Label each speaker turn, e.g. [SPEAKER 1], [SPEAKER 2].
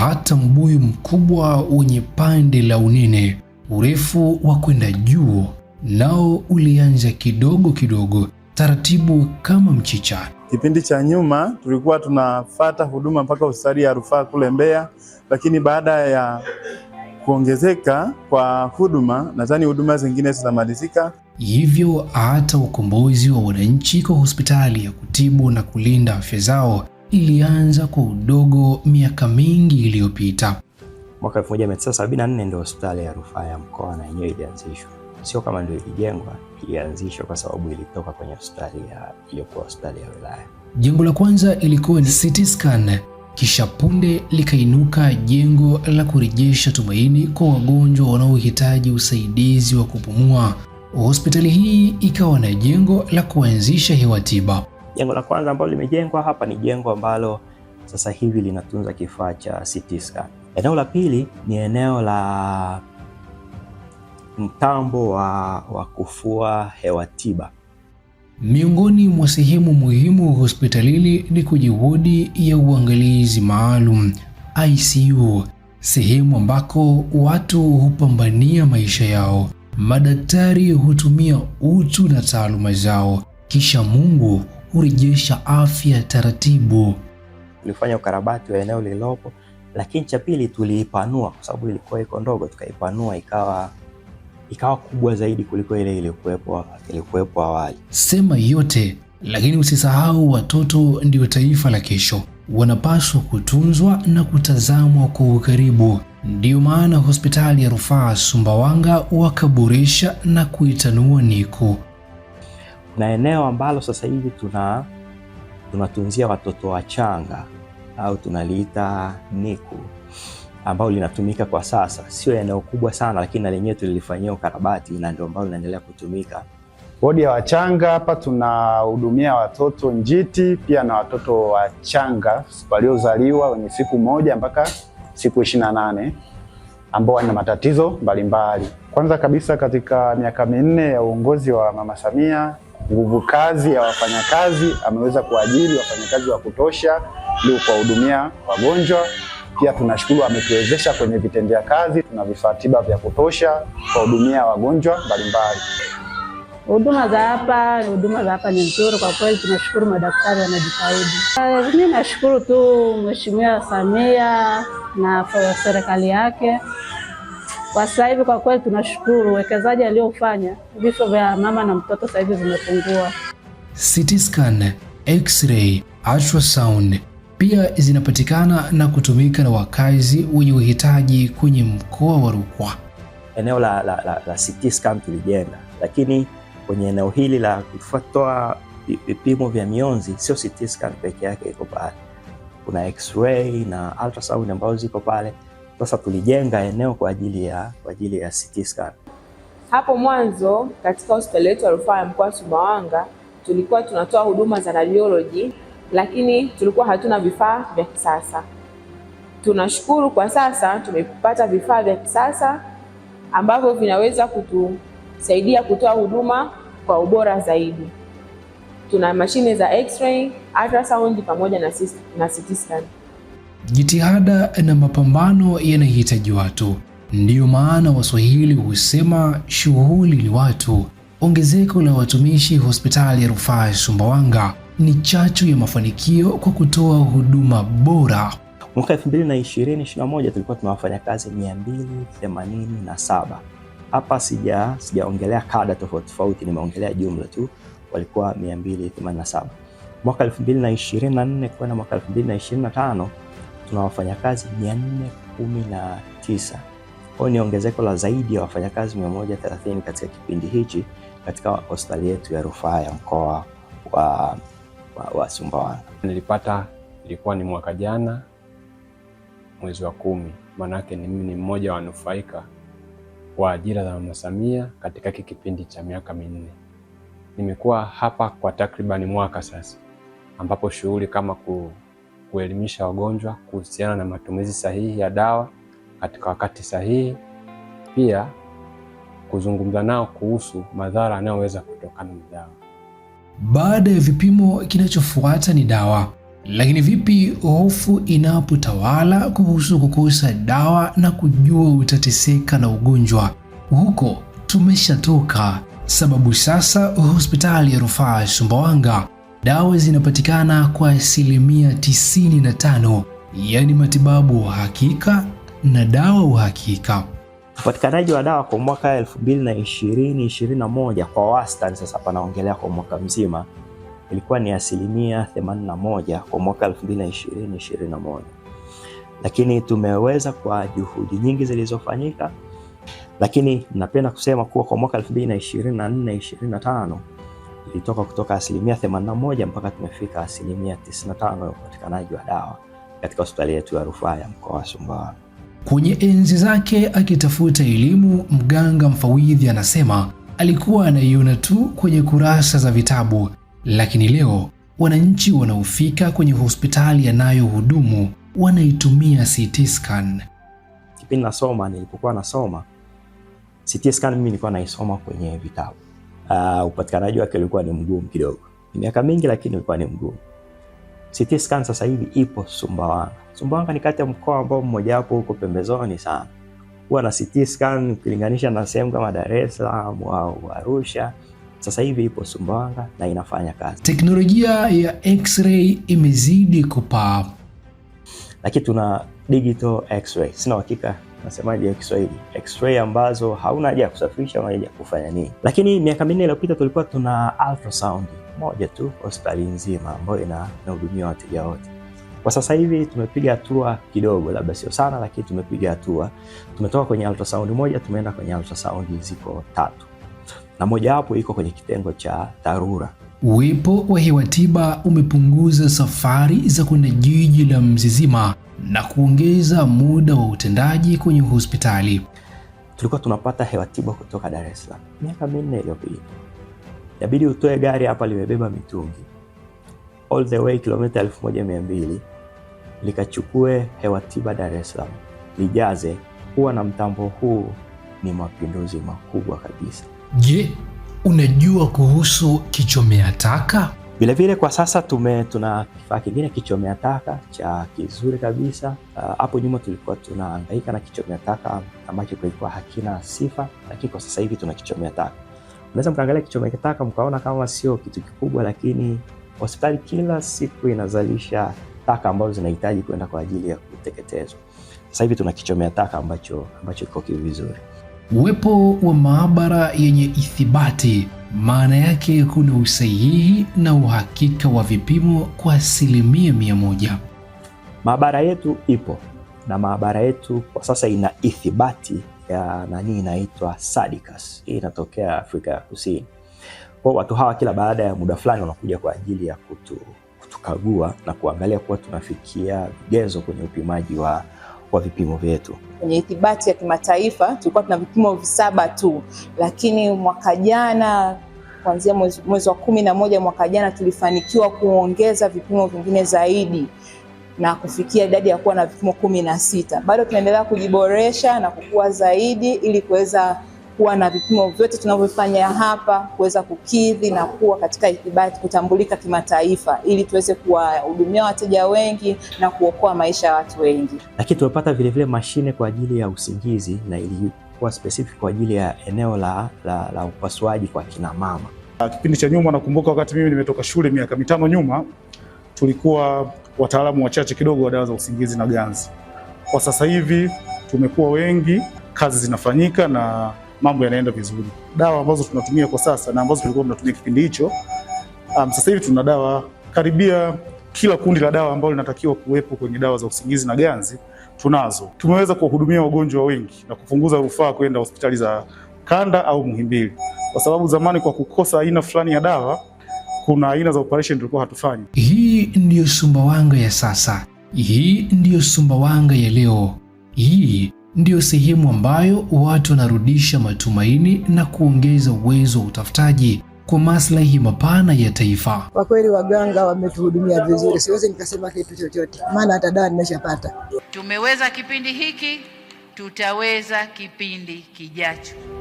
[SPEAKER 1] hata mbuyu mkubwa wenye pande la unene urefu wa kwenda juu, nao ulianza kidogo kidogo taratibu kama mchicha.
[SPEAKER 2] Kipindi cha nyuma tulikuwa tunafata huduma mpaka hospitali ya rufaa kule Mbeya, lakini baada ya kuongezeka kwa huduma, nadhani huduma zingine zitamalizika.
[SPEAKER 1] Hivyo hata ukombozi wa wananchi kwa hospitali ya kutibu na kulinda afya zao ilianza kwa udogo miaka mingi iliyopita.
[SPEAKER 3] Mwaka 1974 ndio hospitali ya rufaa ya mkoa na yenyewe ilianzishwa, sio kama ndio ilijengwa, ilianzishwa kwa sababu ilitoka kwenye hospitali ya iliyokuwa hospitali ya wilaya.
[SPEAKER 1] Jengo la kwanza ilikuwa ni CT scan, kisha punde likainuka jengo la kurejesha tumaini kwa wagonjwa wanaohitaji usaidizi wa kupumua. Hospitali hii ikawa na jengo la kuanzisha hewa tiba
[SPEAKER 3] Jengo la kwanza ambalo limejengwa hapa ni jengo ambalo sasa hivi linatunza kifaa cha CT scan. Eneo la pili ni eneo la mtambo wa, wa kufua hewa tiba.
[SPEAKER 1] Miongoni mwa sehemu muhimu hospitalini ni kwenye wodi ya uangalizi maalum ICU, sehemu ambako watu hupambania maisha yao. Madaktari hutumia utu na taaluma zao, kisha Mungu hurejesha afya taratibu.
[SPEAKER 3] Tulifanya ukarabati wa eneo lililopo, lakini cha pili tuliipanua kwa sababu ilikuwa iko ndogo, tukaipanua ikawa ikawa kubwa zaidi kuliko ile iliyokuwepo iliyokuwepo awali.
[SPEAKER 1] Sema yote, lakini usisahau watoto ndio taifa la kesho, wanapaswa kutunzwa na kutazamwa kwa ukaribu. Ndiyo maana hospitali ya rufaa Sumbawanga wakaboresha na kuitanua NICU
[SPEAKER 3] na eneo ambalo sasa hivi tuna tunatunzia watoto wachanga au tunaliita NICU ambalo linatumika kwa sasa. Sio eneo kubwa sana, lakini na lenyewe tulilifanyia ukarabati na ndio ambalo linaendelea kutumika.
[SPEAKER 2] Wodi ya wachanga hapa tunahudumia watoto njiti pia na watoto wachanga waliozaliwa wenye siku moja mpaka siku ishirini na nane ambao wana matatizo mbalimbali. Kwanza kabisa katika miaka minne ya uongozi wa Mama Samia nguvu kazi ya wafanyakazi, ameweza kuajiri wafanyakazi wa kutosha ili kuwahudumia wagonjwa. Pia tunashukuru ametuwezesha kwenye vitendea kazi, tuna vifaa tiba vya kutosha kuwahudumia wagonjwa mbalimbali.
[SPEAKER 4] Huduma za hapa ni huduma za hapa ni nzuri kwa kweli, tunashukuru madaktari wanajitahidi. Mimi eh, nashukuru tu Mheshimiwa Samia na serikali yake kwa sasa hivi kwa kweli tunashukuru uwekezaji aliofanya, vifo vya mama na mtoto sasa hivi vimepungua.
[SPEAKER 1] CT scan, X-ray, ultrasound pia zinapatikana na kutumika na wakazi wenye uhitaji kwenye mkoa wa Rukwa.
[SPEAKER 3] Eneo la, la, la, la CT scan tulijenga, lakini kwenye eneo hili la kufuatoa vipimo vya mionzi sio CT scan peke yake iko pale, kuna X-ray na ultrasound ambazo ziko pale. Sasa tulijenga eneo kwa ajili ya, kwa ajili ya CT scan.
[SPEAKER 5] Hapo mwanzo katika hospitali yetu ya rufaa ya mkoa wa Sumbawanga tulikuwa tunatoa huduma za radiology, lakini tulikuwa hatuna vifaa vya kisasa. Tunashukuru kwa sasa tumepata vifaa vya kisasa ambavyo vinaweza kutusaidia kutoa huduma kwa ubora zaidi. Tuna mashine za x-ray, ultrasound pamoja na CT scan.
[SPEAKER 1] Jitihada na mapambano yanahitaji watu. Ndiyo maana Waswahili husema shughuli ni watu. Ongezeko la watumishi hospitali ya rufaa ya Sumbawanga ni chachu ya mafanikio kwa kutoa huduma bora.
[SPEAKER 3] Mwaka 2020 2021 tulikuwa tuna wafanyakazi 287. Hapa sija sijaongelea kada tofauti tofauti, nimeongelea jumla tu, walikuwa 287. Mwaka 2024 kwenda mwaka 2025 tuna wafanyakazi 419. huo ni ongezeko la zaidi ya wafanyakazi 130 katika kipindi hichi katika hospitali yetu ya rufaa ya mkoa wa, wa, wa Sumbawanga. Nilipata ilikuwa ni mwaka jana mwezi wa kumi, maanake mimi ni mmoja wa wanufaika wa ajira za Mama Samia katika hiki kipindi cha miaka minne. Nimekuwa hapa kwa takribani mwaka sasa, ambapo shughuli kama ku kuelimisha wagonjwa kuhusiana na matumizi sahihi ya dawa katika wakati sahihi, pia kuzungumza nao kuhusu madhara yanayoweza kutokana na dawa.
[SPEAKER 1] Baada ya vipimo, kinachofuata ni dawa. Lakini vipi hofu inapotawala kuhusu kukosa dawa na kujua utateseka na ugonjwa? Huko tumeshatoka, sababu sasa hospitali ya rufaa Sumbawanga Dawa zinapatikana kwa asilimia 95, yaani matibabu uhakika na dawa uhakika.
[SPEAKER 3] Upatikanaji wa dawa kwa mwaka 2020 2021 kwa wastani, sasa panaongelea kwa mwaka mzima, ilikuwa ni asilimia 81 kwa mwaka 2020 2021, lakini tumeweza kwa juhudi nyingi zilizofanyika, lakini napenda kusema kuwa kwa mwaka 2024 2025 ilitoka kutoka asilimia 81 mpaka tumefika asilimia 95 ya upatikanaji wa dawa katika hospitali yetu ya rufaa ya mkoa wa Sumbawanga.
[SPEAKER 1] Kwenye enzi zake akitafuta elimu, mganga mfawidhi anasema alikuwa anaiona tu kwenye kurasa za vitabu, lakini leo wananchi wanaofika kwenye hospitali anayohudumu wanaitumia CT scan.
[SPEAKER 3] Kipindi nasoma, nilipokuwa nasoma CT scan, mimi nilikuwa naisoma kwenye vitabu uh, upatikanaji wake ulikuwa ni mgumu kidogo, miaka mingi, lakini ulikuwa ni mgumu. CT scan sasa hivi ipo Sumbawanga. Sumbawanga ni kati ya mkoa ambao mmojawapo huko pembezoni sana huwa na CT scan ukilinganisha na sehemu kama Dar es Salaam au Arusha. Sasa hivi ipo Sumbawanga na inafanya kazi.
[SPEAKER 1] Teknolojia ya x-ray imezidi kupaa,
[SPEAKER 3] lakini tuna digital x-ray, sina uhakika nasemaje ya Kiswahili x-ray ambazo hauna haja ya kusafirisha, hauna haja ya kufanya nini. Lakini miaka minne iliyopita tulikuwa tuna ultrasound moja tu hospitali nzima ambayo inahudumia wateja wote. Kwa sasa hivi tumepiga hatua kidogo, labda sio sana, lakini tumepiga hatua. Tumetoka kwenye ultrasound moja tumeenda kwenye ultrasound ziko tatu, na mojawapo iko kwenye kitengo cha dharura.
[SPEAKER 1] Uwepo wa Hewatiba umepunguza safari za kwenda jiji la Mzizima na kuongeza muda wa utendaji kwenye hospitali.
[SPEAKER 3] Tulikuwa tunapata hewa tiba kutoka Dar es Salaam miaka minne iliyopita, inabidi utoe gari hapa limebeba mitungi all the way kilomita 1200 likachukue hewa tiba Dar es Salaam lijaze. Kuwa na mtambo huu ni mapinduzi makubwa kabisa.
[SPEAKER 1] Je, unajua kuhusu kichomea taka?
[SPEAKER 3] Vilevile kwa sasa tume tuna kifaa kingine kichomea taka cha kizuri kabisa. Ah, hapo uh, nyuma tulikuwa tunahangaika na kichomea taka ambacho kilikuwa hakina sifa, lakini kwa sasa hivi tuna kichomea taka. Unaweza mkaangalia kichomea taka mkaona kama sio kitu kikubwa, lakini hospitali kila siku inazalisha taka ambazo zinahitaji kwenda kwa ajili ya kuteketezwa. Sasa hivi tuna kichomea taka ambacho ambacho kiko kivizuri
[SPEAKER 1] Uwepo wa maabara yenye ithibati maana yake kuna usahihi na uhakika wa vipimo kwa asilimia mia moja.
[SPEAKER 3] Maabara yetu ipo na maabara yetu kwa sasa ina ithibati ya nani, inaitwa Sadikas. Hii inatokea Afrika ya Kusini. Kwa watu hawa kila baada ya muda fulani wanakuja kwa ajili ya kutu, kutukagua na kuangalia kuwa tunafikia vigezo kwenye upimaji wa kwa vipimo vyetu.
[SPEAKER 6] Kwenye ithibati ya kimataifa tulikuwa tuna vipimo visaba tu, lakini mwaka jana kuanzia mwezi wa kumi na moja mwaka jana tulifanikiwa kuongeza vipimo vingine zaidi na kufikia idadi ya kuwa na vipimo kumi na sita. Bado tunaendelea kujiboresha na kukua zaidi ili kuweza kuwa na vipimo vyote tunavyofanya hapa kuweza kukidhi na kuwa katika ithibati, kutambulika kimataifa, ili tuweze kuwahudumia wateja wengi na kuokoa maisha ya watu wengi.
[SPEAKER 3] Lakini tumepata vilevile mashine kwa ajili ya usingizi na ilikuwa specific kwa ajili ya eneo la, la, la upasuaji kwa kina mama.
[SPEAKER 7] Ah, kipindi cha nyuma, nakumbuka wakati mimi nimetoka shule miaka mitano nyuma, tulikuwa wataalamu wachache kidogo wa dawa za usingizi na ganzi. Kwa sasa hivi tumekuwa wengi, kazi zinafanyika na mambo yanaenda vizuri. Dawa ambazo tunatumia kwa sasa na ambazo tulikuwa tunatumia kipindi hicho, um, sasa hivi tuna dawa karibia kila kundi la dawa ambalo linatakiwa kuwepo kwenye dawa za usingizi na ganzi tunazo. Tumeweza kuwahudumia wagonjwa wengi na kupunguza rufaa kwenda hospitali za kanda au Muhimbili, kwa sababu zamani kwa kukosa aina fulani ya dawa kuna aina za operation tulikuwa hatufanyi.
[SPEAKER 1] Hii ndiyo Sumbawanga ya sasa, hii ndiyo Sumbawanga ya leo, hii ndiyo sehemu ambayo watu wanarudisha matumaini na kuongeza uwezo wa utafutaji kwa maslahi mapana ya taifa.
[SPEAKER 8] Kwa kweli waganga wametuhudumia vizuri, siwezi nikasema kitu chochote, maana hata dawa nimeshapata.
[SPEAKER 9] Tumeweza kipindi hiki, tutaweza kipindi kijacho.